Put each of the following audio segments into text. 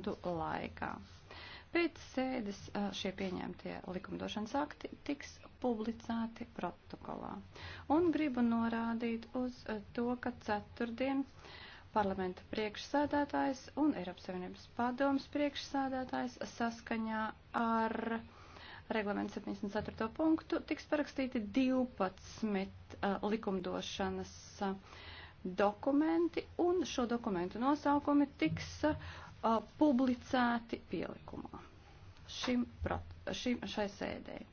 stundu laikā. Pēc sēdes šie pieņemtie likumdošanas akti tiks publicēti protokolā. Un gribu norādīt uz to, ka ceturtdien parlamenta priekšsēdētājs un Eiropas Savienības padomas priekšsēdētājs saskaņā ar reglamentu 74. punktu tiks parakstīti 12 uh, likumdošanas uh, dokumenti, un šo dokumentu nosaukumi tiks uh, uh, publicēti pielikumā šim, prat, šim, šai sēdēji.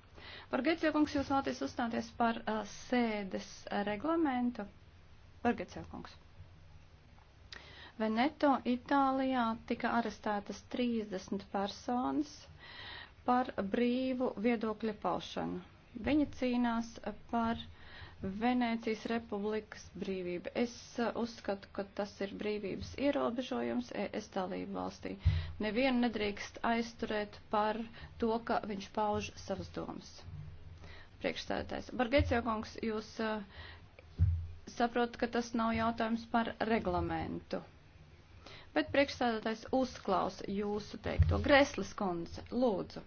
Vargetsio kungs, jūs vēlaties uzstāties par uh, sēdes reglamentu? Vargetsio kungs. Veneto, Itālijā tika arestētas 30 personas par brīvu viedokļa paušanu. Viņi cīnās par uh, Venēcijas republikas brīvība. Es uh, uzskatu, ka tas ir brīvības ierobežojums ES dalību valstī. Nevienu nedrīkst aizturēt par to, ka viņš pauž savas domas. Priekšstādātājs. Bargecijo kungs, jūs uh, saprotat, ka tas nav jautājums par reglamentu. Bet priekšstādātājs uzklausa jūsu teikto. Greslis kundze, lūdzu.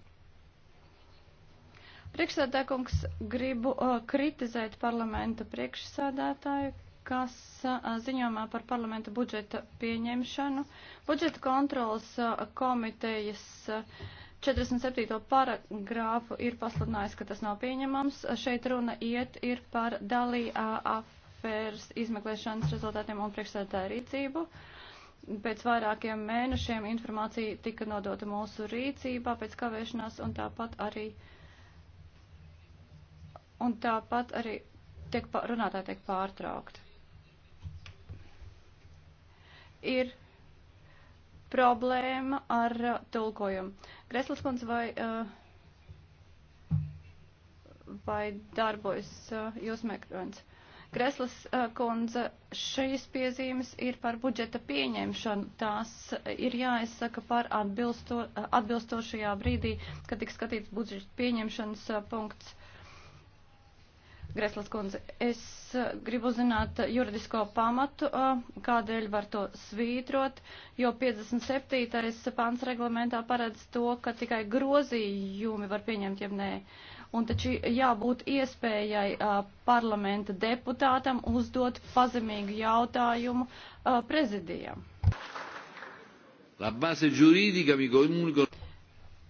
Priekšsēdētājkungs gribu uh, kritizēt parlamenta priekšsēdētāju, kas uh, ziņojumā par parlamenta budžeta pieņemšanu budžeta kontrolas uh, komitejas uh, 47. paragrāfu ir pasludinājis, ka tas nav pieņemams. Šeit runa iet ir par dalī uh, afēras izmeklēšanas rezultātiem un priekšsēdētāju rīcību. Pēc vairākiem mēnešiem informācija tika nodota mūsu rīcībā pēc kavēšanās un tāpat arī. Uh, un tāpat arī tiek, runātāji tiek pārtraukti. Ir problēma ar uh, tulkojumu. Greslis kundze, vai, uh, vai darbojas uh, jūsu mikrofons? Kreslas kundze, šīs piezīmes ir par budžeta pieņemšanu. Tās ir jāizsaka par atbilsto, atbilstošajā brīdī, kad tiks skatīts budžeta pieņemšanas punkts. Greslas kundze, es eh, gribu zināt eh, juridisko pamatu, eh, kādēļ var to svītrot, jo 57. pāns reglamentā paredz to, ka tikai grozījumi var pieņemt, ja nē. Un taču jābūt iespējai parlamenta deputātam uzdot pazemīgu jautājumu prezidijam. La base giuridica mi comunico.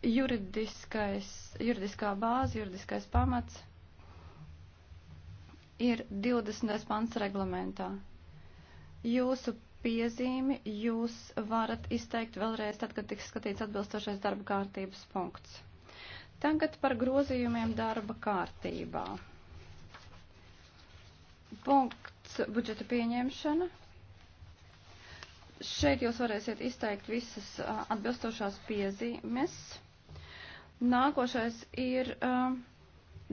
Juridiskais, juridiskā bāze, juridiskais pamats ir 20. pants reglamentā. Jūsu piezīmi jūs varat izteikt vēlreiz tad, kad tiks skatīts atbilstošais darba kārtības punkts. Tagad par grozījumiem darba kārtībā. Punkts budžeta pieņemšana. Šeit jūs varēsiet izteikt visas atbilstošās piezīmes. Nākošais ir. Uh,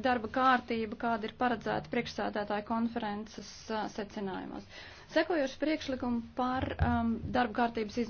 darba kārtība, kāda ir paredzēta priekšsēdētāja konferences secinājumos. Sekojuši priekšlikumu par um, darba kārtības izmaiņu.